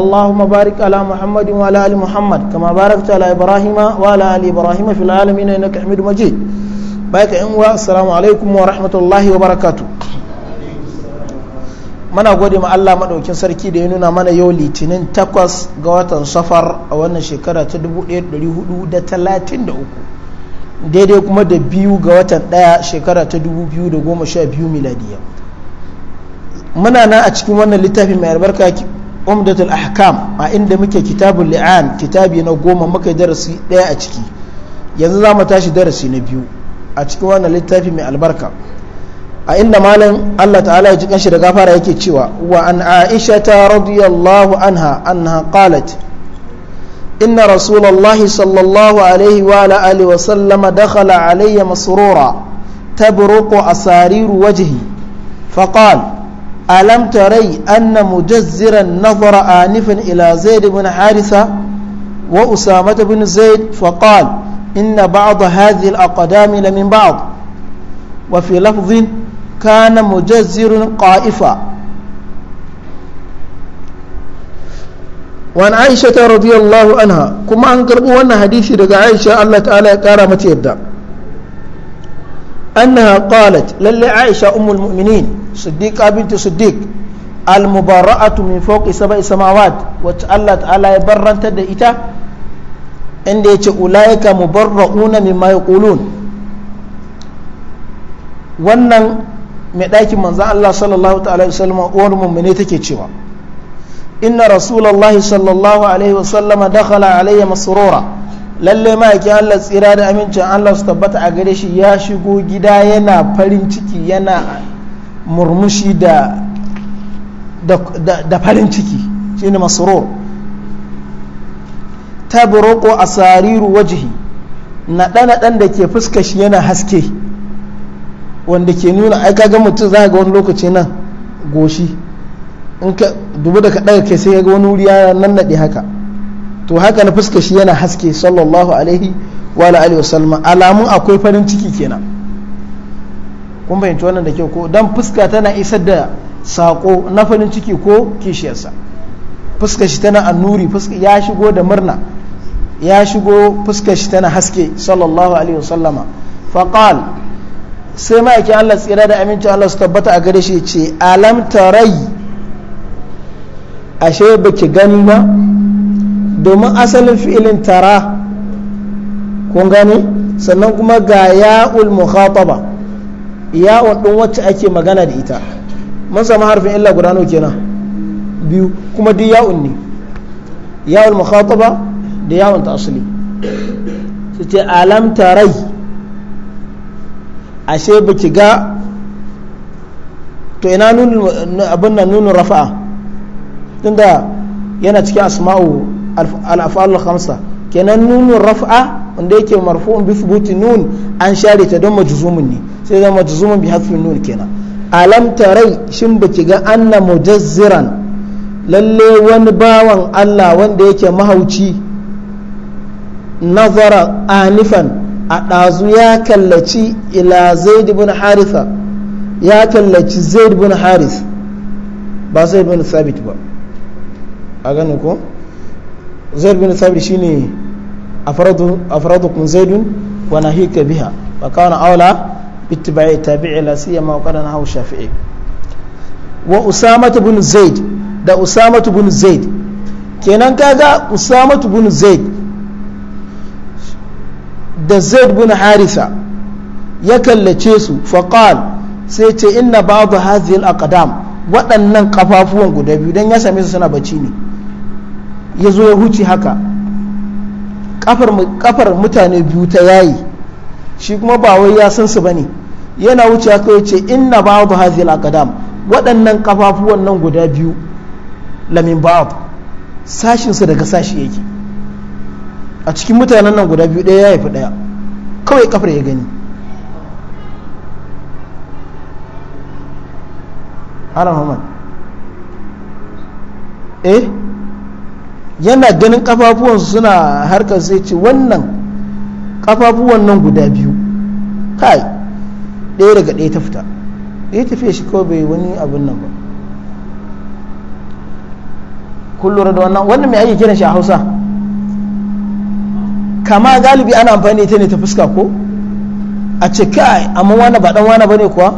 اللهم بارك على محمد وعلى ال محمد كما باركت على ابراهيم وعلى ال ابراهيم في العالمين انك حميد مجيد بارك ان السلام عليكم ورحمه الله وبركاته mana gode ma Allah madaukin sarki da ya nuna mana yau litinin takwas ga watan safar a wannan shekara ta 1433 daidai kuma da biyu ga watan daya shekara ta 2012 miladiya muna na a cikin wannan littafi mai albarka umdatul ahkam a inda muke kitabul li'an kitabi na goma muka darasi ɗaya a ciki yanzu za mu tashi darasi na biyu a cikin wannan littafi mai albarka a inda malam Allah ta'ala ya ji kanshi da gafara yake cewa wa an aisha ta radiyallahu anha annaha qalat inna rasulullahi sallallahu alaihi wa ala alihi wa sallama dakhala alayya masrura tabruqu asariru wajhi faqala ألم تري أن مجزرا نظر آنفا إلى زيد بن حارثة وأسامة بن زيد فقال إن بعض هذه الأقدام لمن بعض وفي لفظ كان مجزر قائفا وعن عائشة رضي الله عنها كما أنقربوا أن حديثي رجع عائشة الله تعالى كرامة يبدأ أنها قالت للي عائشة أم المؤمنين siddiqa bintu siddiq al-mubara'atu min fawqi sab'i samawat wacce Allah ta'ala ya barranta da ita inda yace ulaika mubarra'una mimma yaqulun wannan mai ɗakin manza Allah sallallahu ta'ala wasallam uwar mummune take cewa inna rasulullahi sallallahu alaihi wasallam dakhala alayya masrura lalle ma'aikin Allah tsira da amincin Allah su tabbata a gare shi ya shigo gida yana farin ciki yana murmushi da da farin ciki shi ne ta buroko a tsariru wajihi naɗa naɗen da ke fuska shi yana haske wanda ke nuna ai kaga mutum za ga wani lokaci nan goshi in ka dubu da ka ɗaga kai sai ga wani wuri ya naɗe haka to haka na fuska shi yana haske sallallahu alaihi wa alaihi wasallam alamun akwai farin ciki kenan kun fahimci wannan da kyau ko dan fuska tana isar da sako na farin ciki ko kishiyarsa fuska shi tana annuri fuska ya shigo da murna ya shigo fuska shi tana haske sallallahu alaihi wasallama faqal sai ma'aikin Allah tsira da amincin Allah su tabbata a gare shi ce alam tarai ashe baki gani ba domin asalin fi'ilin tara kun gani sannan kuma ga ya'ul mukhataba ya ɗin wacce ake magana da ita mun samu harfin illa guda nawa kenan biyu kuma duk ya'un ne yawon mukhataba da ya'un ta asali su ce alam tarai ashe ba ki ga to ina nunin abin nan nunin rafa'a tunda yana cikin asma'u al-af'alul khamsa kenan nunin rafa'a wanda yake marfu'un bi thubuti nun an share ta don majzumun ne sai zama juzuman bi hasfin nun kenan alam tarai shin baki ga anna mujazziran lalle wani bawan Allah wanda yake mahauci nazara anifan a ɗazu ya kallaci ila zaid ibn haritha ya kallaci zaid ibn haris ba zaid ibn sabit ba a gane ko zaid ibn sabit shine kun zaidun wa nahika biha fa kana aula bittibayi tabi'i la siyama wa na hawa shafi'i wa usamatu bin zaid da usamatu bin zaid kenan kaga usamatu bin zaid da zaid bin harisa ya kallace su faqal sai ce inna babu hadhihi al-aqdam waɗannan kafafuwan guda biyu dan ya same su suna bacci ne ya zo ya huce haka kafar mutane biyu ta yayi shi kuma ba wai ya san su ba ne yana wuce ya kawai ce inna ba'du hadhihi al-aqdam waɗannan kafafuwan nan guda biyu lamin ba sashin sashinsa daga sashi yake a cikin mutanen nan guda biyu ɗaya ya haifi ɗaya kawai kafar ya gani eh yana ganin kafafuwansu suna harkar sai ce wannan kafafuwan nan guda biyu kai ɗaya daga ɗaya ta fita ɗaya tafiya shi kawai bai wani abin nan ba kullum da wannan wannan mai ake kiran shi a hausa kama galibi ana amfani ita ne ta fuska ko a ce kai amma wani ba dan wani ne kuwa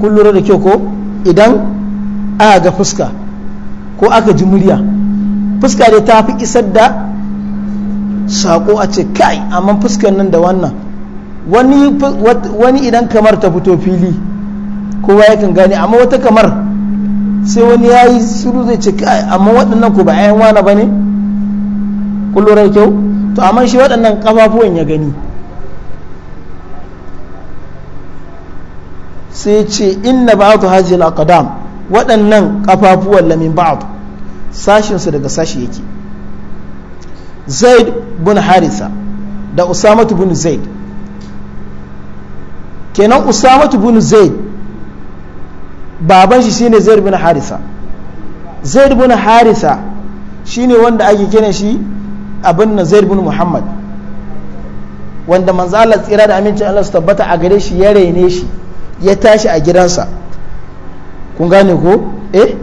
kullum da kyau ko idan a ga fuska ko aka ji murya fuska dai ta fi isar da sako a ce kai amma fuskar nan da wannan wani idan kamar ta fito fili kowa kan gani amma wata kamar sai wani ya yi suru zai ce kai amma waɗannan ku ba 'ya'yan wana ba ne kullurar kyau to amma shi waɗannan ƙafafuwan ya gani sai ce inna ba'adu hajjil aqdam waɗannan ƙafafuwan lamin ba'adu sashinsu daga sashi yake zaid bin harisa da usamatu bin zaid kenan usamatu bin zaid baban shi shine zaid bin harisa zaid bin harisa shine wanda ake kiran shi abin na zaid bin muhammad wanda manzo Allah tsira da amincin Allah su tabbata a gare shi ya raine shi ya tashi a gidansa kun gane ko eh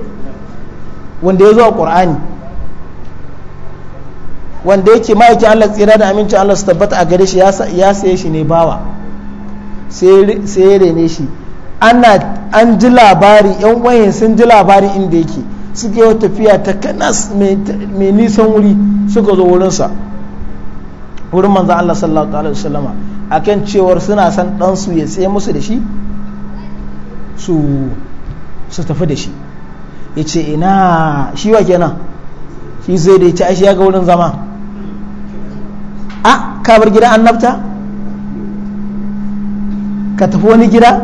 wanda ya zo a qur'ani wanda yake ma'aikin Allah tsira da amincin Allah su tabbata a gare shi ya saye shi ne bawa sai ya rene shi an ji labari yan wayan sun ji labari inda yake suka yi tafiya ta kanas mai nisan wuri suka zo wurinsa wurin manzan Allah sallallahu alaihi a kan cewar suna son ɗansu ya tsaye musu da shi su tafi da shi ya ce ina shi wa kenan shi zai da ya ci ya ga wurin zama a ka bar gidan annabta ka tafi wani gida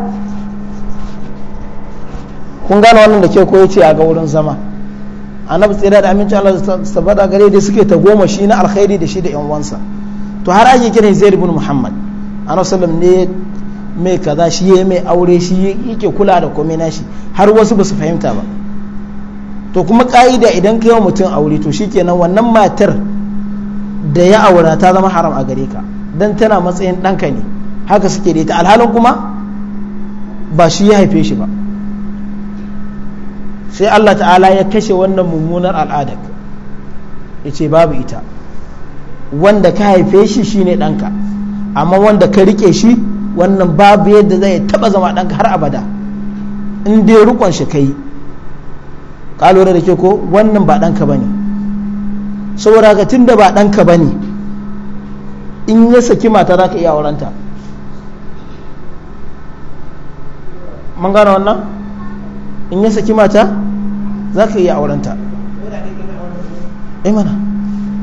kun gane wannan da ke koyo ce a ga wurin zama annabi tsira da aminci Allah tabbata gare da suke ta goma shi na alkhairi da shi da yan wansa to har ake kiran zai ibn Muhammad annabi sallam ne mai kaza shi ya mai aure shi yake kula da komai nashi har wasu ba su fahimta ba to kuma ka'ida idan ka yi wa mutum aure to shi shikenan wannan matar da ya aura ta zama haram a gare ka don tana matsayin ɗanka ne haka suke da ita alhalin kuma ba shi ya haife shi ba sai Allah ta'ala ya kashe wannan mummunar al'adar ya ce babu ita wanda ka haife shi shine ɗanka amma wanda ka rike shi wannan babu yadda zai taba zama ɗanka har abada in dai rukon shi kai ka lura da ke ko wannan ba ɗanka ba ne saboda ka tun da ba ɗanka ba ne in ya saki mata za ka iya aurenta man gane wannan in ya saki mata za ka iya aurenta eh mana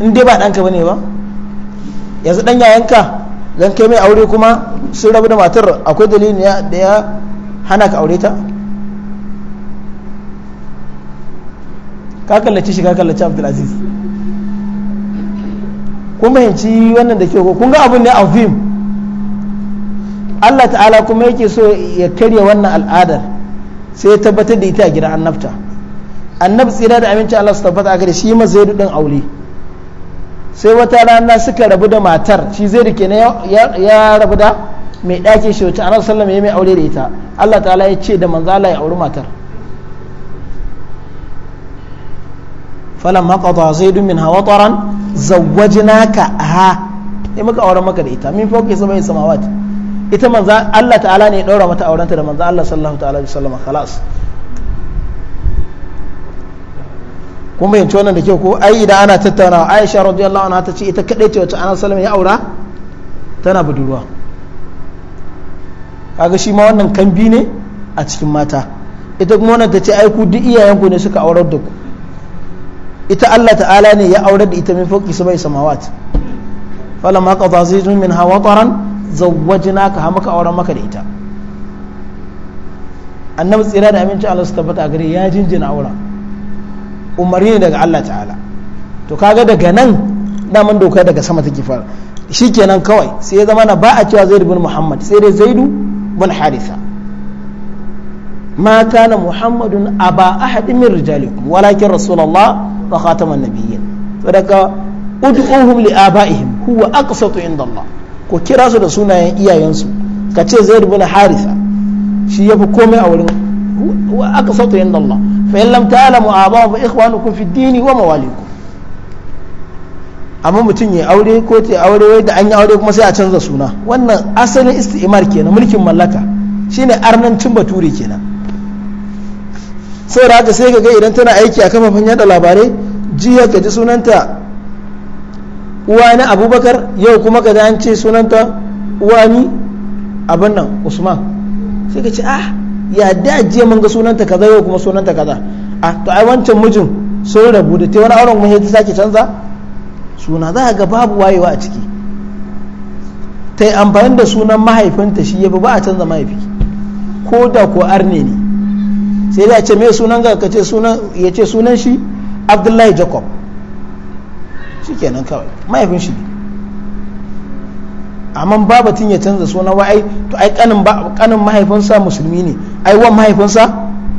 in dai ba ɗanka ba ne ba yanzu ɗan yayanka don kai mai aure kuma sun rabu da matar akwai dalilin da ya hana ka aure ta ka kallace shi ka kallace abdulaziz kun bayanci wannan da ke ko kun ga abin ne azim Allah ta'ala kuma yake so ya karya wannan al'adar sai ya tabbatar da ita a gidan annabta annabi tsira da aminci Allah su tabbata a shi ma zai dudin aure sai wata rana suka rabu da matar shi zai da kenan ya rabu da mai ɗakin shi wacce annabi sallallahu alaihi yi ya mai aure da ita Allah ta'ala ya ce da manzo Allah ya auri matar فلما zai dumin hawa tsoron? zawwajnaka ha sai muka auren maka da ita min fawqi sab'i samawat ita manzo Allah ta'ala ne ya daura mata aurenta da manzo Allah sallallahu ta'ala alaihi wasallam khalas kun bayyance wannan da kyau ko ai idan ana tattaunawa Aisha radiyallahu anha ta ce ita kadai ce wacce Annabi sallallahu ya aura tana budurwa kaga shi ma wannan kambi ne a cikin mata ita kuma wannan ta ce ai ku duk iyayenku ne suka aurar da ku ita Allah ta'ala ne ya aure da ita min fauki bai samawat falamma qada zaitun min hawa na ka ha muka auren maka da ita annabi tsira da aminci Allah su tabbata gare ya jinjina aure umarni ne daga Allah ta'ala to kaga daga nan daman doka daga sama take fara shikenan kawai sai ya zama na ba a cewa zaidu bin muhammad sai dai zaidu bin harisa ma kana muhammadun aba ahadin min rijalikum walakin rasulullah wa khataman nabiyyin saboda ud'uhum li abaihim huwa aqsatu inda Allah ko kira su da sunayen iyayensu ka ce zaid bin harisa shi yafi komai a wurin huwa aqsatu inda Allah fa in lam ta'lamu aba'ahum fa ikhwanukum fi dini wa mawalikum amma mutum ya aure ko ta aure wai da an yi aure kuma sai a canza suna wannan asalin isti'mar kenan mulkin mallaka shine arnancin bature kenan saboda haka sai ka ga idan tana aiki a kafafen yada labarai jiya ka ji sunanta uwani abubakar yau kuma ka da an ce sunanta uwani abin nan usman sai ka ce ah ya da jiya mun ga sunanta kaza yau kuma sunanta kaza a ah, to ai wancan mijin sun rabu da ta wani auren kuma ta sake canza suna za ga babu wayewa a ciki ta yi amfani da sunan mahaifinta shi ya ba a canza mahaifi ko da ko arne ne sai dai ce me sunan ga ka ce sunan ya ce sunan shi abdullahi jacob shi kenan kawai mahaifin shi ne amma ba batun ya canza sunan wa ai to ai kanin kanin mahaifinsa musulmi ne ai wa mahaifinsa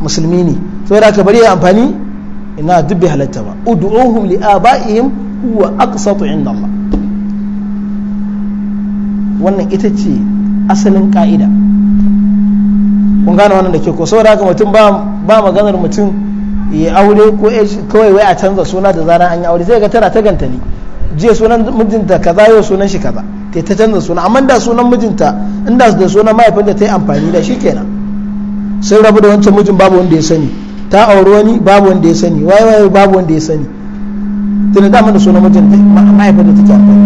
musulmi ne da ka bari ya amfani ina dubbe halatta ba ud'uhum li abaihim huwa aqsatu inda Allah wannan ita ce asalin ka'ida kun gane wannan da ke ko saboda haka mutum ba maganar mutum ya aure ko kawai wai a canza suna da zarar an yi aure zai ga tana ta gantali jiya sunan mijinta kaza yau sunan shi kaza ta ta canza suna amma da sunan mijinta inda da sunan da ta yi amfani da shi kenan sai rabu da wancan mijin babu wanda ya sani ta auri wani babu wanda ya sani waye waye babu wanda ya sani tana da mana sunan mijinta ta take amfani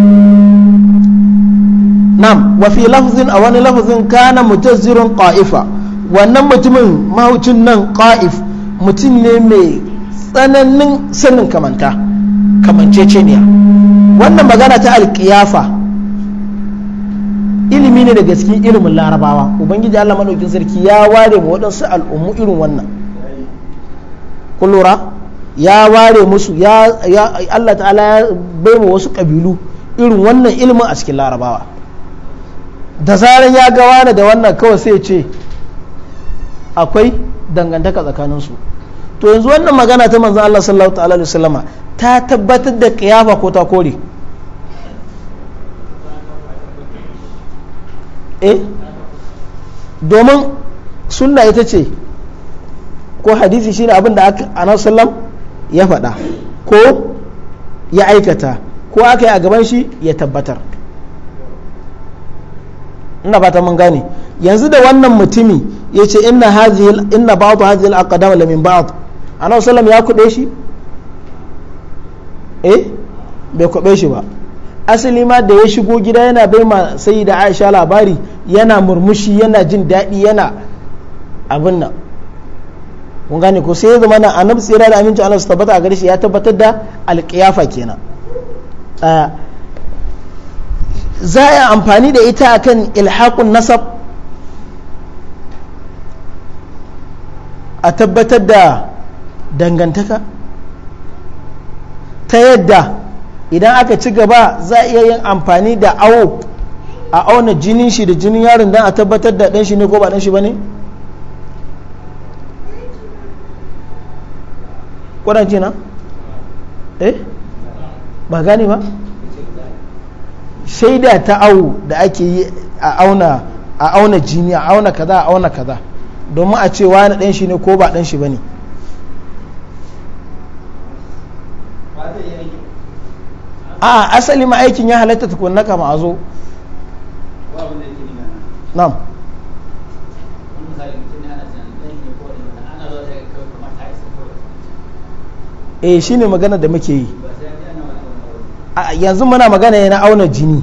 nam wa fi lafzin a wani lafzin kana mutazzirun qa'ifa wannan mutumin mahaucin nan ƙa'if mutum ne mai tsananin sanin kamanta kamanceceniya wannan magana ta alƙiyafa ilimi ne da gaske ilimin larabawa ubangiji allah maɗaukin sarki ya ware mu waɗansu al'ummu irin wannan kun ya ware musu allah ta'ala ya bai wasu ƙabilu irin wannan ilimin a cikin larabawa da zaran ya gawa da wannan kawai sai ce akwai dangantaka tsakanin su to yanzu wannan magana ta manzan Allah sallallahu ta'ala alaihi wasallama ta tabbatar da kiyafa ko ta kore eh domin sunna ita ce ko hadisi shine abin da aka sallam ya faɗa ko ya aikata ko aka yi a gaban shi ya tabbatar ina ta mun gane yanzu da wannan mutumi yace ina hadhihi inna ba'd hadhihi al-aqdam la min ba'd annabi sallam ya kube shi eh bai kube shi ba asali ma da ya shigo gida yana bai ma da Aisha labari yana murmushi yana jin daɗi yana abin nan kun gane ko sai ya zama na annabi tsira da aminci Allah su tabbata a gare shi ya tabbatar da alƙiyafa kenan za a amfani da ita akan ilhaqun nasab a tabbatar da dangantaka ta yadda idan aka ci gaba za a iya yin amfani da awo a auna jinin shi da jinin yaron don a tabbatar da ɗan shi ne ko ba ɗan shi ba ne? ƙwararci na? eh? ba gani ba? shaida ta awo da ake yi a auna jini a auna kaza a auna kaza domin a ce wani ɗan shi ne ko ba ɗan shi ba ne a asali ma'aikin ya halatta na kama a zo e eh shi ne magana da muke yi yanzu muna magana ya na auna jini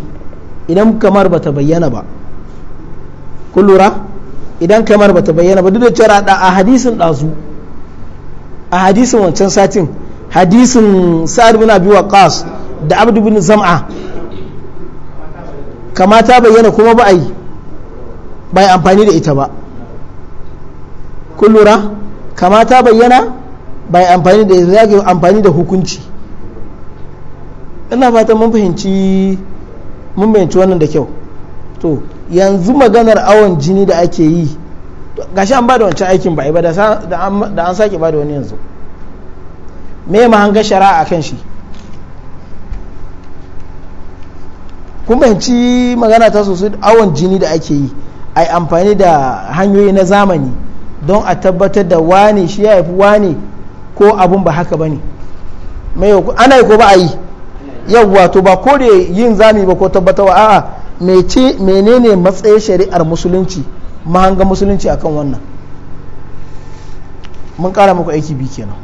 idan kamar bata bayyana ba kun idan kamar bata bayyana ba duk da cewa a hadisin ɗazu a hadisin wancan satin hadisin sa'ad bin abi waqas da abdu bin zam'a kama ta bayyana kuma ba ai yi ba amfani da ita ba kun lura kama ta bayyana ba yi amfani da ita za amfani da hukunci ina fatan mun fahimci mun fahimci wannan da kyau to yanzu maganar awon jini da ake yi gashi an ba da wancan aikin ba yi ba da an sake ba da wani yanzu me mahanga shari'a a kan shi kun ci magana ta sosai awon jini da ake yi a yi amfani da hanyoyi na zamani don a tabbatar da wane shi ya haifi wane ko abun ba haka ba ne ana yi ko ba a yi yau wato ba ko da yin zami ba ko tabbatarwa a'a mece menene matsayin shari'ar musulunci mahanga musulunci akan wannan mun kara muku aiki bi kenan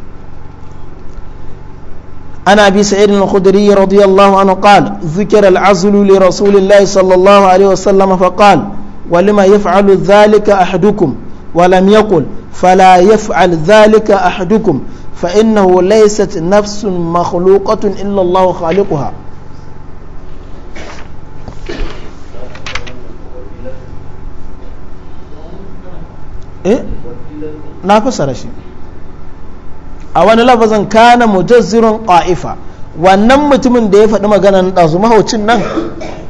ana bi sa'id al-khudri radiyallahu anhu qala dhikra al-azl li rasulillahi sallallahu alaihi wasallam fa qala wa lima yaf'alu dhalika ahadukum wa lam yaqul fala yaf'al dhalika ahadukum fa innahu laysat nafsun makhluqatun illa Allahu khaliquha eh na da shi a wani lafazin kana mujazzirun qa'ifa wannan mutumin da ya faɗi maganan ɗazu mahaucin nan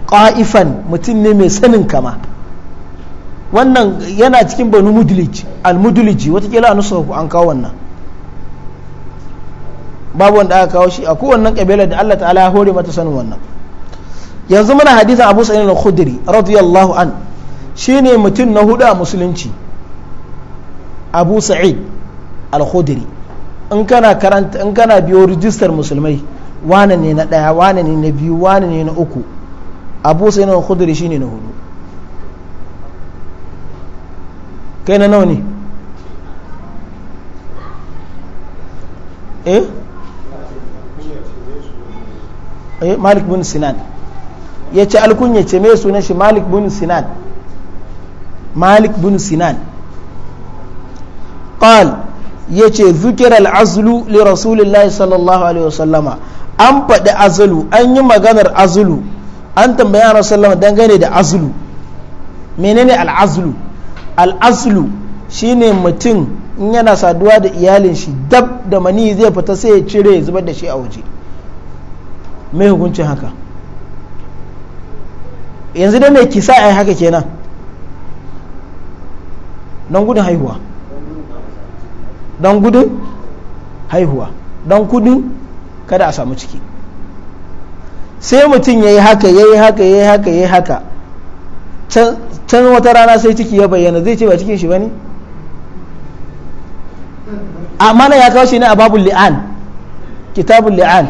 qa'ifan mutum ne mai sanin kama wannan yana cikin banu mudlij al-mudliji watakila a nusa an kawo wannan babu wanda aka kawo shi a kowannan ƙabilar da Allah ta'ala ya hore mata sanin wannan yanzu muna hadisin Abu Sa'id al-Khudri radiyallahu an shine mutum na hudu a musulunci abu sa'id al-khudri in kana karanta in kana biyo rijistar musulmai wane ne na daya wane ne na biyu wane ne na uku abu sa'id al-khudri shine na hudu kai na nawa ne eh eh malik bin sinan ya ce alkunya ce mai sunan shi malik bin sinan malik bin sinan qal ya ce al-azlu li rasulillahi sallallahu alaihi wasallama an faɗi azulu an yi maganar azulu an tambaya rasulullahi dangane da azulu menene al-azlu al shine mutum in yana saduwa da iyalin shi dab da mani zai fita sai ya cire ya zubar da shi a waje mai hukuncin haka yanzu da mai kisa a haka kenan don gudun haihuwa don gudun haihuwa don gudun kada a samu ciki sai mutum ya yi haka ya yi haka ya yi haka ya yi haka can wata rana sai ciki ya bayyana zai ce ba cikin shi ba ne amma na ya kawo shi ne a babu li'an kitabun li'an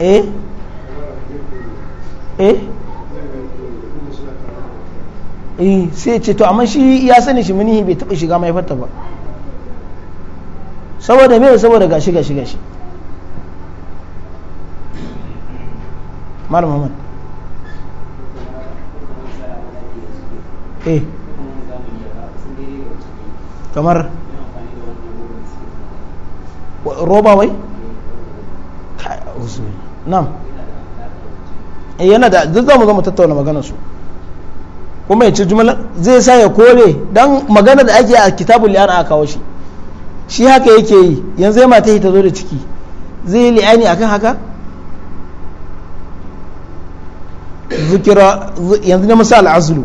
eh eh eh sai ce to amma shi ya sani shi munihi bai taba shiga mahaifarta ba saboda me saboda gashi gashi gashi malam muhammad eh kamar roba wai nam eh, yana da duk za mu tattauna maganar su kuma ya ci jumala zai sa ya kore don magana da ake a kitabun li'an a kawo shi shi haka yake yi yanzu ya mata ta zo da ciki zai yi li'ani akan haka zikira yanzu na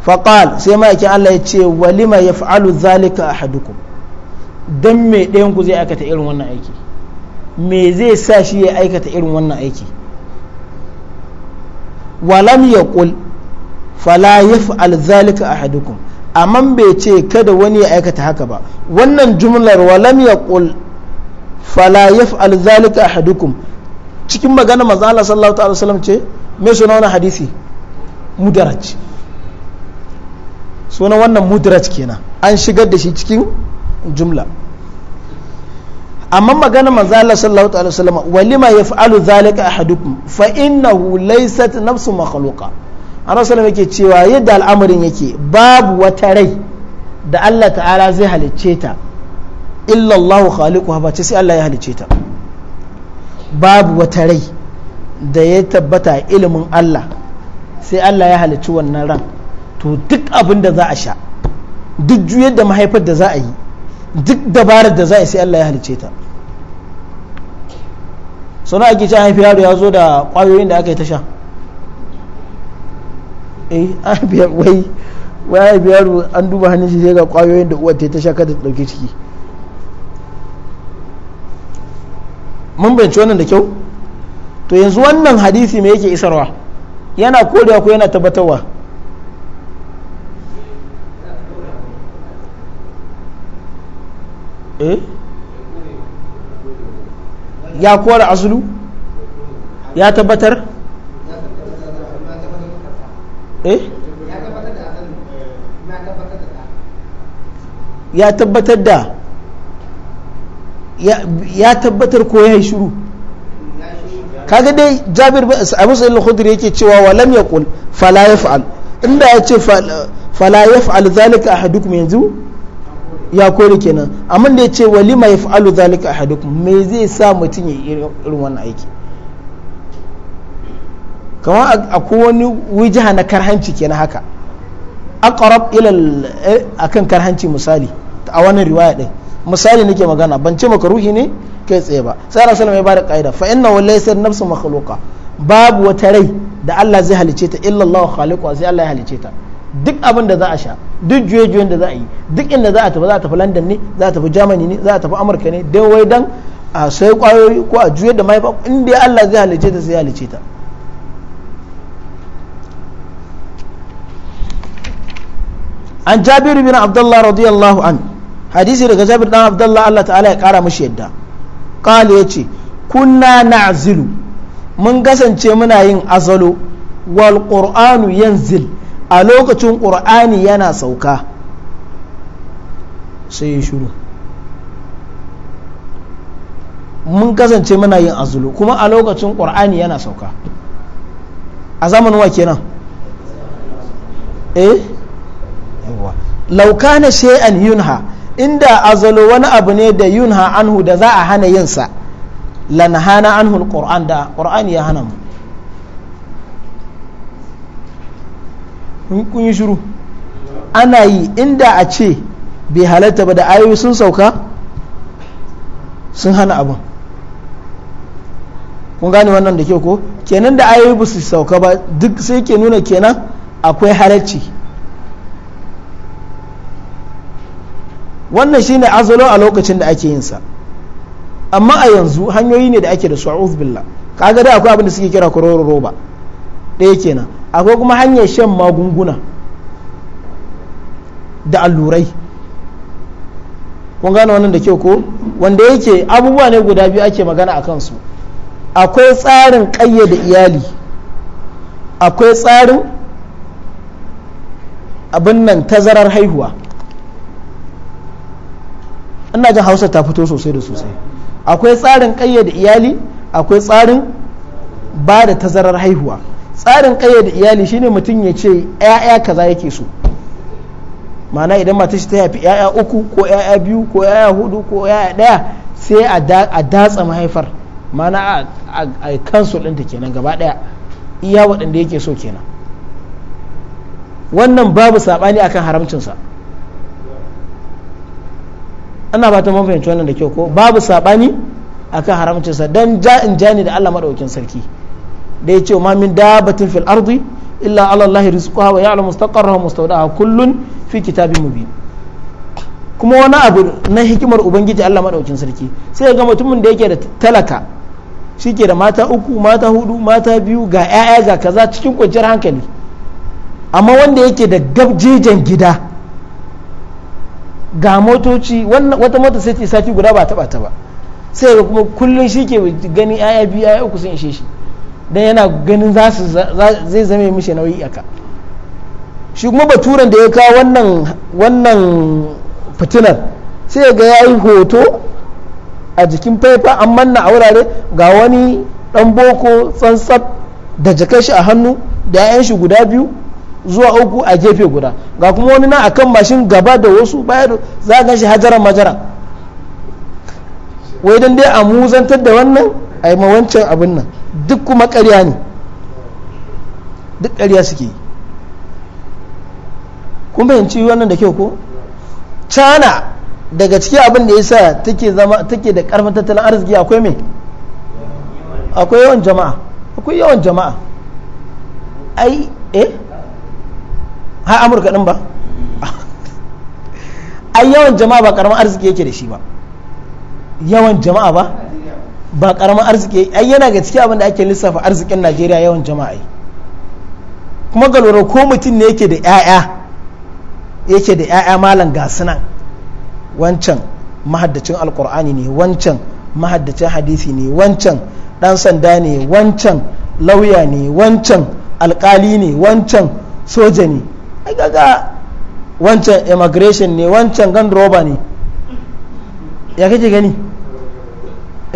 faƙal sai ma'aikin Allah ya ce walima ya fa'alu zalika a ahadukum don me ɗayan ku zai aikata irin wannan aiki me zai sa shi ya aikata irin wannan aiki walam ƙul fala yaf'al zalika ahadukum amma bai ce kada wani ya aikata haka ba wannan jumlar walam yaqul fala yaf'al zalika ahadukum cikin magana manzo Allah sallallahu alaihi wasallam ce me suna wannan hadisi mudaraj suna wannan mudaraj kenan an shigar da shi cikin jumla amma magana manzo Allah sallallahu alaihi wasallam walima yaf'alu zalika ahadukum fa innahu laysat nafsu makhluqa ana sanar yake cewa yadda al'amarin yake babu wata rai da Allah ta'ala zai halicce ta illallahu khaliqu ba ce sai Allah ya halicce ta babu wata rai da ya tabbata ilimin Allah sai Allah ya halicci wannan ran to duk abin da za a sha duk juyar da mahaifar da za a yi duk dabarar da za a yi sai Allah ya halicce ta sana ake cewa haifi yaro ya zo da kwayoyin da aka yi ta sha eh wai wai biyar an duba hannun shi sai ga kwayoyin da uwar ta ta sha kada ta dauke ciki mun bance wannan da kyau to yanzu wannan hadisi me yake isarwa yana korewa ko yana tabbatarwa eh ya kore asulu ya tabbatar eh ya tabbatar da ya tabbatar ko ya yi shuru kaga dai jabir abu sa'il al-khudri yake cewa wa lam yaqul fala yaf'al inda ya ce fala yaf'al zalika ahadukum yanzu ya kore kenan amma da ya ce walima yaf'alu zalika ahadukum me zai sa mutum ya yi irin wannan aiki kamar a wani wijiha na karhanci ke na haka aqrab ilal eh, akan karhanci misali a wani riwaya din misali nake magana ban ce maka ruhi ne kai tsaye ba sai Allah sallama ya bada kaida fa inna walaysa nafsu makhluqa babu wata rai da Allah zai halice ta illa Allah khaliqu sai Allah ya halice ta duk abin da za a sha duk juye-juyen da za a yi duk inda za a tafi za a tafi London ne za a tafi Germany ne za a tafi Amurka ne dai wai dan a sai kwayoyi ko a juyar da mahaifa inda Allah zai halice ta sai ya halice ta an jabiru bin abdullahi radiyallahu an hadisi daga jabir dan abdullahi Allah ta'ala ya kara mashi yadda qala yace kunna na'zilu mun kasance muna yin azalo wal qur'anu yanzil a lokacin qur'ani yana sauka sai ya shuru mun kasance muna yin azulu kuma a lokacin qur'ani yana sauka a zamanin wa kenan eh Lauka na she'an yunha inda azalo wani abu ne da yunha anhu da za a hana yinsa lanahana anhu Qur'an da Qur'an ya hana mu kun yi shiru ana yi inda a ce bai halatta ba da ayoyi sun sauka sun hana abin kun gane wannan da ke ko kenan da ayoyi ba su sauka ba duk sai ke nuna kenan akwai halarci wannan shine azalo a lokacin da ake yinsa amma a yanzu hanyoyi ne da ake da su a billah kaga da akwai abin da suke kira kororo roba ɗaya kenan akwai kuma hanyar shan magunguna da allurai kun gane wannan da kyau ko wanda yake abubuwa ne guda biyu ake magana a kansu akwai tsarin ƙayyade iyali akwai tsarin abin nan tazarar haihuwa ina jin hausa ta fito sosai da sosai akwai tsarin kayyada iyali akwai tsarin ba da tazarar haihuwa tsarin da iyali shine mutum ya ce 'ya'ya kaza yake so ma'ana idan mata shi ta haifi 'ya'ya uku ko 'ya'ya biyu ko 'ya'ya hudu ko 'ya'ya ɗaya sai a datsa mahaifar ma'ana a kansu ɗinta kenan gaba ɗaya iya waɗanda yake so kenan wannan babu saɓani akan haramcinsa ana ba ta mun fahimci wannan da kyau ko babu sabani akan haramcin sa dan ja in ja ni da Allah madaukakin sarki da ya ce ma min dabatin fil ardi illa Allah rizquha wa ya'lamu mustaqarraha wa mustawda'aha kullun fi kitabin mubin kuma wani abu na hikimar ubangiji Allah madaukakin sarki sai ga mutumin da yake da talaka shike da mata uku mata hudu mata biyu ga 'ya'ya ga kaza cikin kwanciyar hankali amma wanda yake da gabjejen gida ga motoci wata mota sai ta sati guda ba taba ta ba sai ga kuma kullum shi ke gani aya biyu aya uku sun ishe shi dan yana ganin za su zai zame mishi nauyi aka shi kuma baturen da ya kawo wannan wannan fitinar sai ga ya yi hoto a jikin faifa an manna a wurare ga wani dan boko tsantsab da jakar shi a hannu da 'ya'yan shi guda biyu zuwa uku a gefe guda ga kuma wani nan akan mashin gaba da wasu baya da za a ganshi hajaran majara wai don dai a muzantar da wannan a yi ma wancan abin nan duk kuma ƙarya ne duk ƙarya suke yi kun fahimci wannan da kyau ko cana daga ciki abin da sa take zama take da karfin tattalin arziki akwai me akwai yawan jama'a akwai yawan jama'a ai eh ha amurka din ba a yawan jama'a ba karamin arziki yake da shi ba yawan jama'a ba ba karamin arziki ai yana ga cikin abin da ake lissafa arzikin najeriya yawan jama'a yi kuma ga lura ko mutum ne yake da 'ya'ya yake da 'ya'ya malam gasunan wancan mahaddacin alkur'ani ne wancan mahaddacin hadisi ne wancan dan sanda ne wancan lauya ne wancan alkali ne wancan soja ne ai kaga wancan immigration ne wancan gan roba ne ya kake gani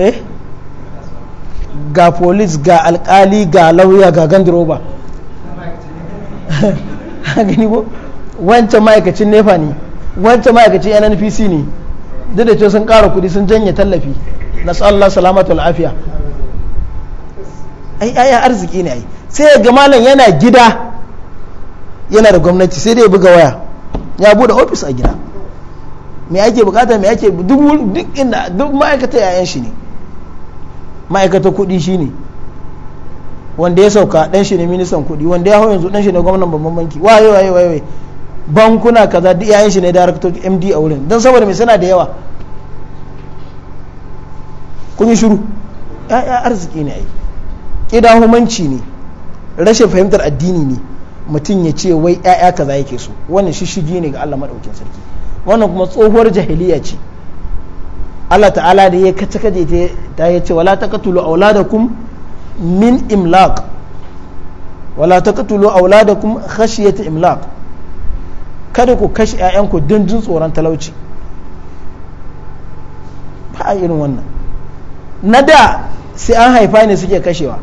eh ga police ga alkali ga lauya ga gan roba gani ko wancan ma'aikacin nefa ne wancan ma'aikacin nnpc ne duk da ce sun kara kudi sun janye tallafi na tsallar salamatu afiya ai ai arziki ne ai sai ga malam yana gida yana da gwamnati sai dai buga waya ya bude ofis a gida me ake bukata me ake duk inda duk ma'aikata yayan shi ne ma'aikata kuɗi shi ne wanda ya sauka dan shi ne ministan kuɗi wanda ya hau yanzu dan shi ne gwamnan babban banki waye waye waye bankuna kaza duk yayan shi ne director MD a wurin dan saboda mai suna da yawa kun yi shiru ya arziki ne ai humanci ne rashin fahimtar addini ne mutum ya ce wai ‘ya'ya kaza yake so wannan shishigi ne ga Allah maɗaukin sarki wannan kuma tsohuwar jahiliya ce Allah ta'ala da ya kace kaje ta ya ce wala taqtulu auladakum min imlaq wala taqtulu auladakum khashyata imlaq kada ku kashe ‘ya'yanku don jin tsoron talauci ba a irin wannan na da sai an haifa ne suke kashewa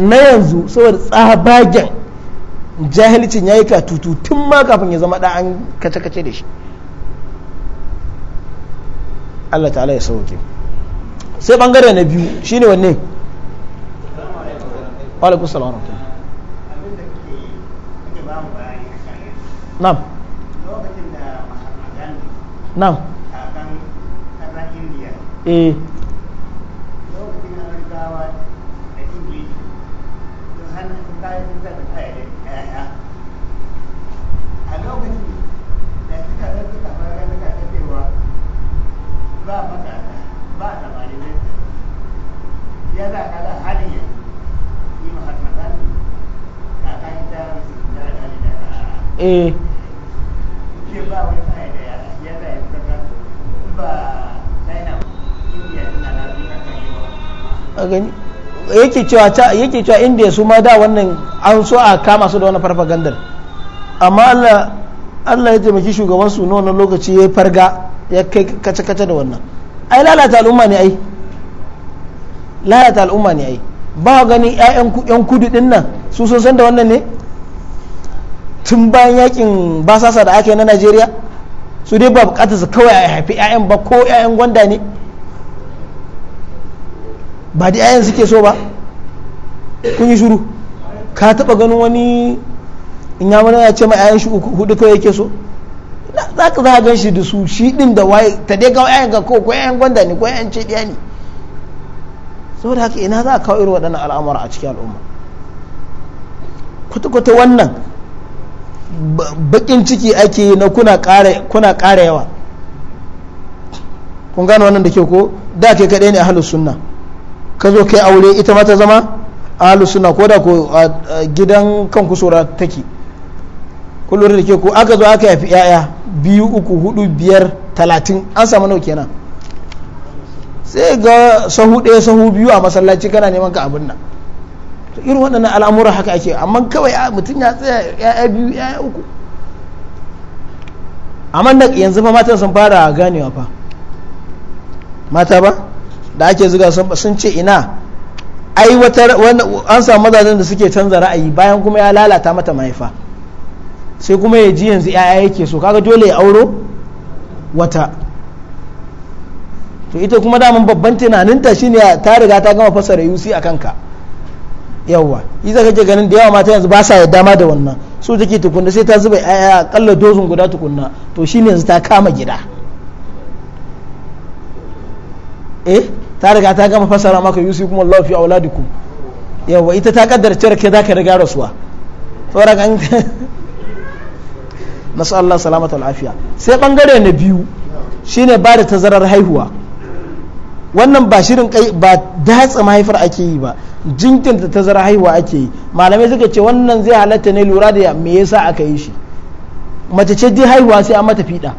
na yanzu saboda tsabagen jahilcin ya yi tutu tun ma kafin ya zama ɗan kace-kace da shi Allah ta'ala ya sauke sai bangare na biyu shine wanne alaikun salamu na'am na'am eh kayan wuta ƴaƴa a lokacin da suka zai suka ta cewa ba ba da malamai eh. ya za ka da yi da da ke ba wani da ya za ya ba china suna a gani yake cewa ta yake cewa indiya su ma da wannan an so a kama su da wannan farfagandar amma Allah ya taimaki shugaban su na wannan lokaci ya farga ya kai kace kace da wannan ai lalata al'umma ne ai lalata al'umma ne ai ba gani ƴaƴan yan kudu din nan su sun san da wannan ne tun bayan yakin basasa da ake na Najeriya su dai ba bukatar su kawai a haifi ƴaƴan ba ko ƴaƴan gwanda ne ba da 'ya'yan suke so ba kun yi shuru ka taba ganin wani in ya mana ya ce ma 'ya'yan shi hudu kawai yake so za ka za a gan shi da su shi din da waye ta dai kawai 'ya'yan ga ko ko gwanda ne ko 'ya'yan ce diya ne saboda haka ina za a kawo irin waɗannan al'amura a cikin al'umma kwata-kwata wannan bakin ciki ake yi na kuna ƙara yawa kun gane wannan da ke ko da ke kaɗai ne a halin sunna ka zo kai aure ita ma ta zama ahlus suna ko da ko gidan kan kusura take kullum da ke ko aka zo aka yafi yaya biyu uku hudu biyar talatin an samu nau kenan sai ga sahu ɗaya sahu biyu a masallaci kana neman ka abin nan irin waɗannan al'amura haka ake amma kawai mutum ya tsaya ya'ya biyu ya'ya uku amma da yanzu fa matan sun fara ganewa fa mata ba da ake zuga sun ce ina ai wata an samu mazajen da suke canza ra'ayi bayan kuma ya lalata mata mahaifa sai kuma ya ji yanzu yaya yake so kaga dole ya auro wata to ita kuma daman babban tunaninta shine ta riga ta gama fassa uc a kanka yawwa ita kake ganin da yawa mata yanzu ba sa yadda ma da wannan su take tukunna sai ta zuba yaya kalla dozin guda tukunna to shine yanzu ta kama gida eh ta riga ta gama fasara maka yusuf kuma Allah fi auladikum yawa ita ta kaddarci rake ke zaka riga rasuwa tsoron an nasu Allah salamata lafiya sai bangare na biyu shine ba da tazarar haihuwa wannan ba shirin kai ba datsa mahaifar ake yi ba da tazarar haihuwa ake yi malamai suka ce wannan zai halatta ne lura da me yasa aka yi shi mace ce dai haihuwa sai an mata fiɗa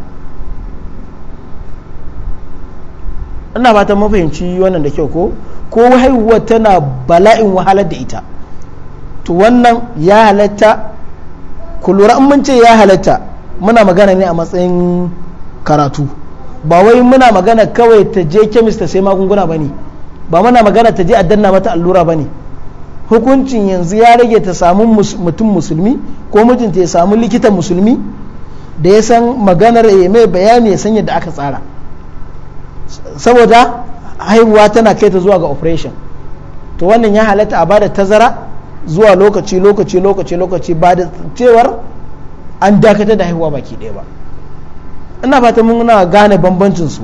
ina fatan mafahimci wannan da kyau ko ko haihuwa tana bala'in wahalar da ita to wannan ya halatta ku lura in mun ce ya halatta muna magana ne a matsayin karatu ba wai muna magana kawai ta je kemis ta sai magunguna ba ne ba muna magana ta je a danna mata allura ba ne hukuncin yanzu ya rage ta samu mutum musulmi ko mijinta ya samu likitan musulmi da ya san maganar ya mai bayani ya san yadda aka tsara saboda haihuwa tana kai ta zuwa ga operation to wannan ya halatta a bada tazara zuwa lokaci lokaci lokaci lokaci ba da cewar an dakatar da haihuwa baki ɗaya ba ina fata muna gane bambancin su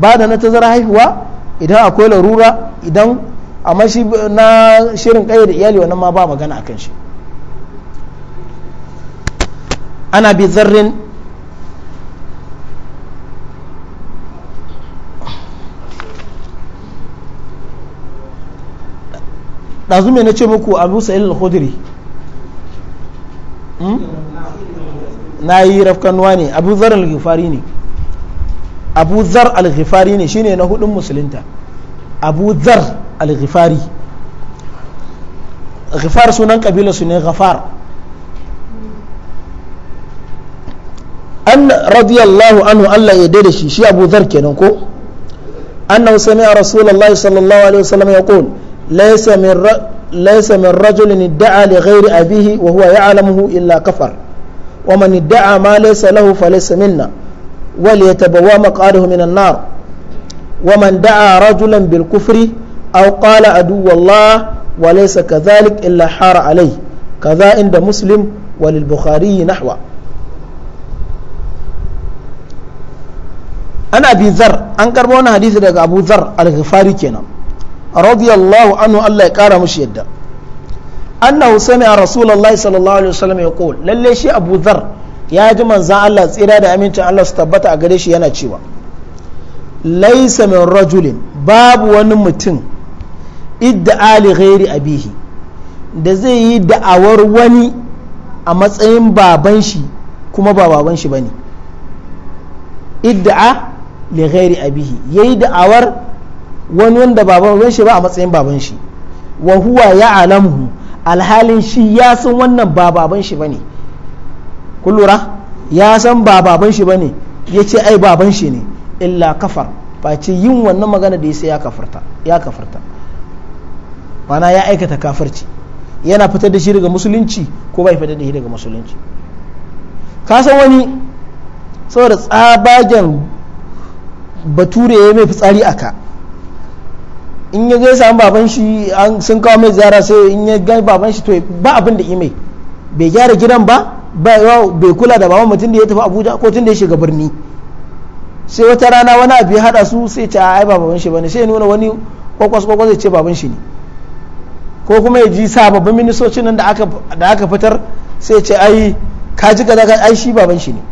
ba da na tazara haihuwa idan akwai larura idan amma shi na shirin kai da iyali wannan ma ba magana akan shi ana bi zarrin ɗazu mai na ce muku abu sa'il al-khudri hmm? na yi rafkanuwa ne abu zar al-ghifari ne abu zar al-ghifari ne shine na hudun musulunta abu zar al-ghifari ghifar sunan kabila su ne ghafar an radiyallahu anhu Allah ya da shi shi abu zar kenan ko annahu a rasulullahi sallallahu alaihi wasallam yaqul laysa min laysa min rajulin idda'a li ghairi abihi wa huwa ya'lamuhu illa kafar wa man idda'a ma laysa lahu falaysa minna wal yatabawwa maq'adahu min an-nar wa man da'a rajulan bil kufri aw qala adu wallah wa laysa illa hara alayhi kaza inda muslim wa lil bukhari nahwa ana bi zar an karbo wani hadisi daga abu zar kenan radiyallahu anhu Allah ya kara mushi yadda annahu sami'a rasulullahi sallallahu alaihi wasallam yaqul lalle shi Abu Dharr ya ji manzan Allah tsira da amincin Allah su tabbata a gare shi yana cewa laisa min rajulin babu wani mutum idda ali ghairi abihi da zai yi da'awar wani a matsayin baban shi kuma ba baban shi bane idda'a li ghairi abihi yayi da'awar wani wanda baban ruwan shi ba a matsayin baban shi wa huwa ya alamu alhalin shi ya san wannan ba baban shi bane ne lura ya san ba baban shi bane ya ce ai baban shi ne illa kafar ba ce yin wannan magana da ya sai ya kafarta mana ya aikata kafarci yana fitar da shi daga musulunci ko bai fitar da shi daga musulunci ka san wani saboda tsabagen bature ya mai fitsari a ka in ya zai samu baban shi sun kawo mai ziyara sai in ya gani baban shi to ba abin da imai bai gyara gidan ba bai kula da baban mutum da ya tafi abuja ko tun da ya shiga birni sai wata rana wani abu ya hada su sai ce ai baban shi bane sai nuna wani kwakwas kwakwas zai ce baban shi ne ko kuma ya ji sababbin ministocin nan da aka fitar sai ce ai ka ji kaza ai shi baban shi ne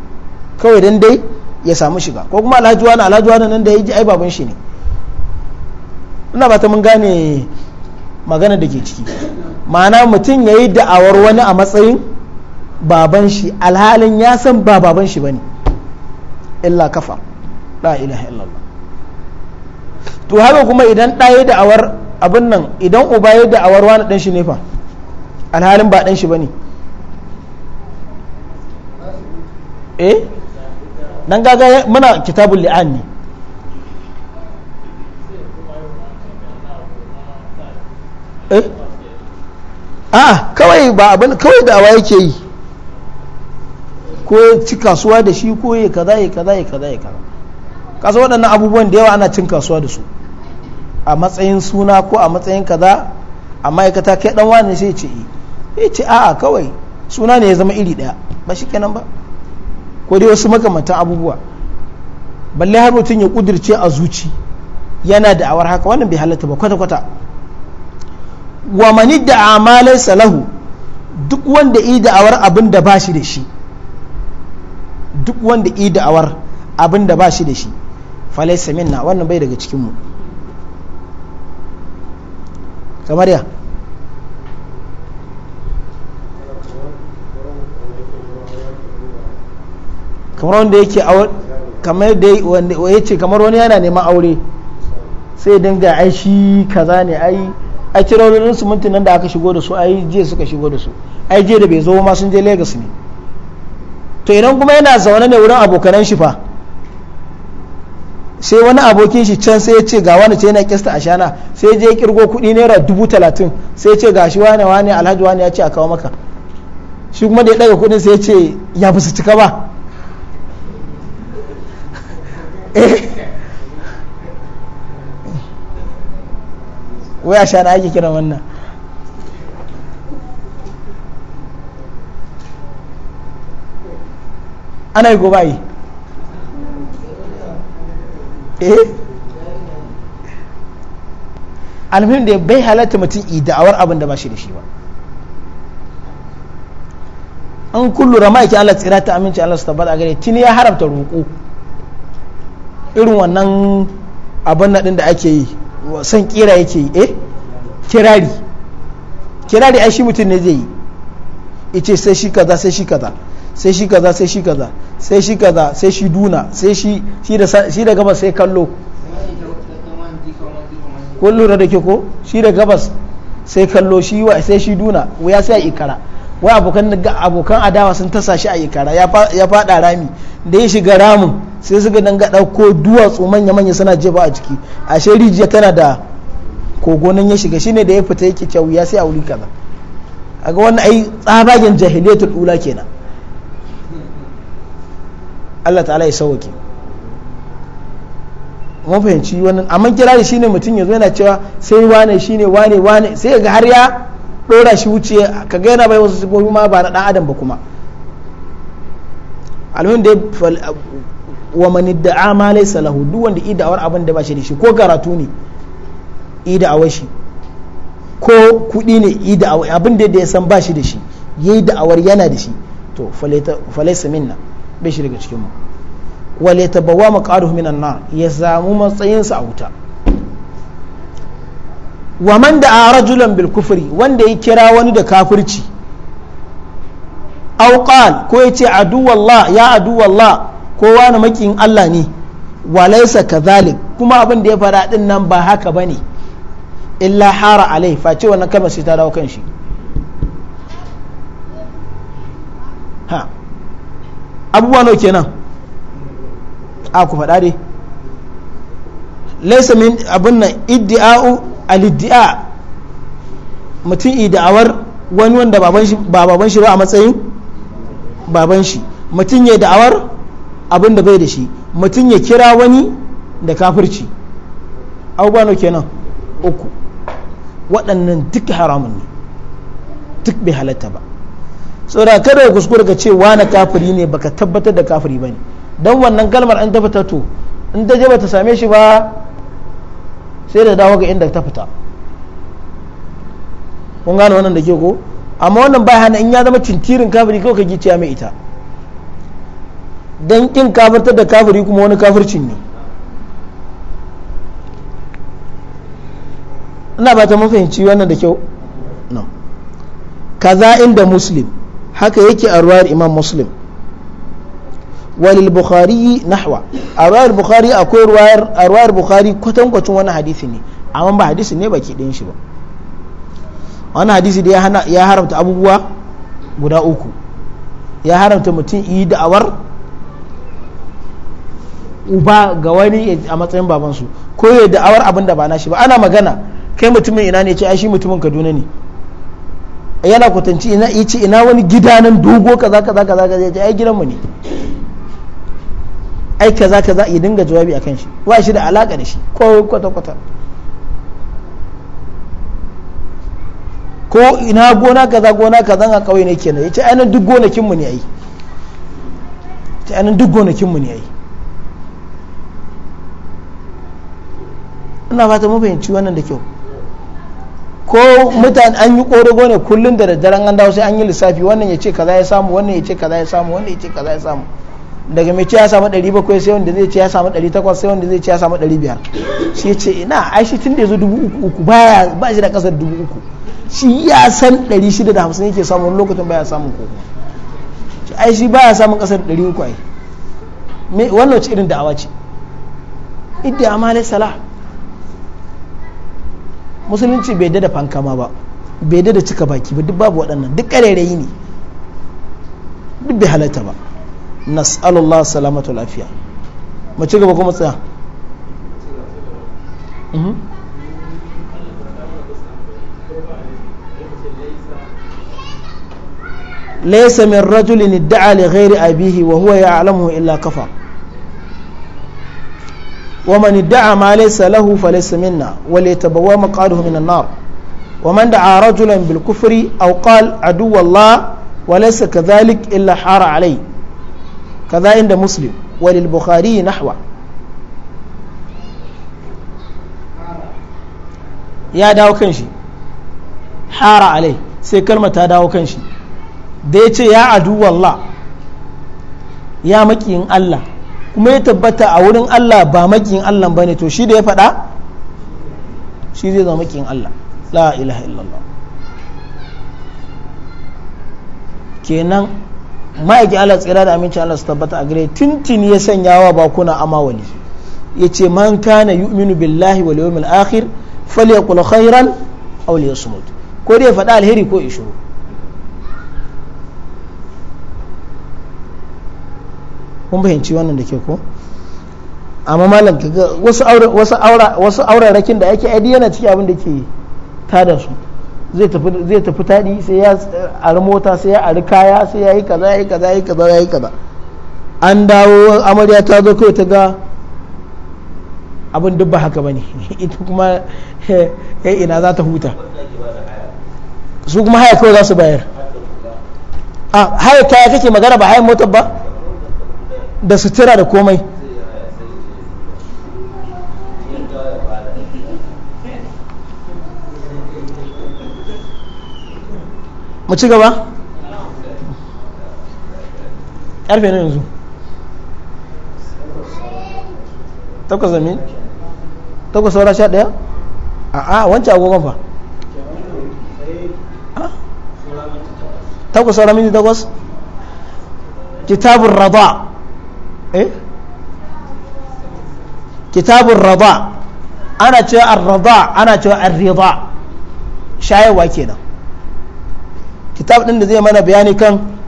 kawai dan dai ya samu shiga ko kuma alhaji wani alhaji wani nan da ya ji ai baban shi ne ina ba ta mun gane magana da ke ciki ma'ana mutum ya yi da'awar wani a matsayin baban shi alhalin ya san ba baban shi ba ne illa kafa la ilaha illallah to haka kuma idan ɗa da'awar abin nan idan uba ya yi da'awar wani ɗan shi ne fa alhalin ba ɗan shi ba ne eh dan gaga muna kitabul li'an ne eh a ah, kawai ba abin kawai dawa yake yi ko ya ci kasuwa da shi ko ya kaza ya kaza ya kaza ya kaza kasa waɗannan abubuwan da yawa ana cin kasuwa da su a matsayin suna ko a matsayin kaza a ma'aikata kai dan wani sai ce yi eh. ya ce a'a kawai suna ne ya zama iri ɗaya ba shi kenan ba ko dai wasu makamantan abubuwa balle har mutum ya kudirce a zuci yana da'awar haka wannan bai halatta ba kwata-kwata wa mani da amalai salahu duk wanda yi da'awar abin da ba shi da shi duk wanda yi da'awar abin da ba shi da shi falai samin na wannan bai daga cikinmu kamar ya kamar wanda yake kamar da ya ce kamar wani yana neman aure sai dinga aishi shi kaza ne ai ai tirorin simintin nan da aka shigo da su ai jiya suka shigo da su ai jiya da bai zo ma sun je Legas ne to idan kuma yana zaune ne wurin abokanan shi fa sai wani abokin shi can sai ya ce ga wani ce yana kista a shana sai ya je kirgo kuɗi naira dubu talatin sai ya ce ga shi wani alhaji wani ya ce a kawo maka shi kuma da ya daga kuɗin sai ya ce ya fi cika ba eh, wai a shana ake kiran wannan ana yi gobayi eh almuhim da bai halatta mutum da'awar abin da ba shi da shi ba an kullu rama yake Allah tsira ta aminci Allah su tabbata gare tuni ya haramta roƙo irin wannan abin na ɗin da ake yi son kira yake eh kirari kirari ai shi mutum ne zai yi ice sai shi kaza sai shi kaza sai shi kaza sai shi kaza sai shi kaza sai shi duna sai shi shi da gabas sai kallo kun lura da ke ko shi da gabas sai kallo shi wa sai shi duna ya sai a ikara wai abokan abokan adawa sun tasa shi a ikara ya fada rami da ya shiga ramin sai suka danga ɗauko duwatsu manya-manya suna jefa a ciki ashe rijiya tana da kogonan ya shiga shine da ya fita yake kyau ya sai a wuri kaza a ga wani ai tsabagen jahiliyatul ula kenan Allah ta'ala ya sauke mun fahimci wannan amma da shine mutum yazo yana cewa sai wane shine wane wane sai ga har ya dora shi wuce kaga yana bai wasu sifofi ma ba na dan adam ba kuma alhamdulillah wa man idda'a ma laysa lahu duk wanda ida'awar abin da ba shi da shi ko karatu ne ida'awar shi ko kuɗi ne ida'awar abin da ya san ba shi da shi yayi da'awar yana da shi to falaysa minna bai shi daga cikin mu wal yatabawwa maqaruhu minan nar ya samu matsayinsa a wuta wa man da'a rajulan bil kufri wanda ya kira wani da kafirci aw qal ko yace aduwallah ya aduwallah kowa na makin Allah ne walaisa kazalik kuma abin da ya faɗa din nan ba haka ba ne illa hara alai face wannan kalmar sai ta dawo kan shi ha abubuwa nawa kenan a ku faɗa dai laisa min abin nan iddi'a'u al-iddi'a mutum da'awar wani wanda baban shi ba a matsayin baban shi mutum ya da'awar abin da bai da shi mutum ya kira wani da kafirci abubuwa nau kenan uku waɗannan duk haramun ne duk bai halatta ba saboda kada ya kuskure ka ce wani kafiri ne baka tabbatar da kafiri ba ne don wannan kalmar an tabbata to in ta je bata same shi ba sai da dawo ga inda ta fita kun gane wannan da ke ko amma wannan ba hana in ya zama cintirin kafiri kawai ka giciya mai ita don kin kafirtar da kafiri kuma wani kafircin ne ina ba ta mafahimci wannan da kyau no kaza inda muslim haka yake a ruwayar imam muslim walil bukhari nahwa a ruwayar bukhari akwai ruwayar a ruwayar bukhari kwatankwacin wani hadisi ne amma ba hadisi ne baki ɗin shi ba wani hadisi da ya haramta abubuwa guda uku ya haramta mutum yi da'awar uba ga wani a matsayin babansu ko ya da'awar abin da ba na shi ba ana magana kai mutumin ina ne ce ai shi mutumin kaduna ne yana kwatanci ina ce ina wani gida nan dogo kaza kaza kaza kaza ce ai gidanmu ne ai kaza kaza ya dinga jawabi akan shi ba shi da alaka da shi ko kwata kwata ko ina gona kaza gona kaza a kauye ne kenan ya ai ainihin duk gonakin mu ne ai ta duk gonakin mu ne ai ina fata mu fahimci wannan da kyau ko mutane an yi ƙorago ne kullum da daddaren an dawo sai an yi lissafi wannan ya ce kaza ya samu wannan ya ce kaza ya samu wannan ya ce kaza ya samu daga mai ce ya samu 700 sai wanda zai ce ya samu 800 sai wanda zai ce ya samu 500 shi ce ina ai shi tun da ya zo 3,000 baya ba shi da kasar 3,000 shi ya san 650 yake samun lokacin baya samun koko ai shi baya samun kasar 300 ai wannan wace irin da'awa ce idda amalai salah musulunci bai da fankama ba bai da cika baki ba duk babu waɗannan duk ƙarerayi ne duk bai halatta ba nas'alullah salamatu lafiya mu ci gaba kuma tsaya mhm. laysa min rajulin da'a li ghairi abihi wa huwa ya'lamu illa kafa ومن ادعى ما ليس له فليس منا وليتبوى مقعده من النار ومن دعا رجلا بالكفر أو قال عدو الله وليس كذلك إلا حار عليه كذا عند مسلم وللبخاري نحوه ya dawo kan shi hara alai sai kalma ta dawo kan shi da ya ce ya adu wallah ya makiyin Allah kuma ya tabbata a wurin Allah ba makin Allah bane to shi da ya faɗa shi zai zama makin Allah la ilaha illallah kenan ma'aikin Allah tsira da amincin Allah su tabbata a gare tuntun ya sanya wa bakuna amawali ya ce man kana yu'minu billahi wal yawmil akhir falyaqul khairan aw liyasmut ko dai faɗa alheri ko ishuru kun fahimci wannan da ke ko amma malam ga wasu aure wasu aura wasu aurarakin da ake aidi yana cikin abin da ke tada su zai tafi zai tafi tadi sai ya ari mota sai ya ari kaya sai ya yi kaza ya yi kaza ya yi kaza ya yi kaza an dawo amarya ta zo kai ta ga abin duk ba haka bane ita kuma ya eh, ina za ta huta su kuma haya kawai za su bayar a haya kaya kake magana ba haya motar ba da sutura da komai mu ci gaba ƙarfe na yanzu takwas da min takwas saura sha ɗaya a a wancan agogon fa takwas saura minti takwas kitabun rada Eh? kitabun rada ana cewa ar-rada ana cewa an rida shayarwa kenan kitab din da zai mana bayani kan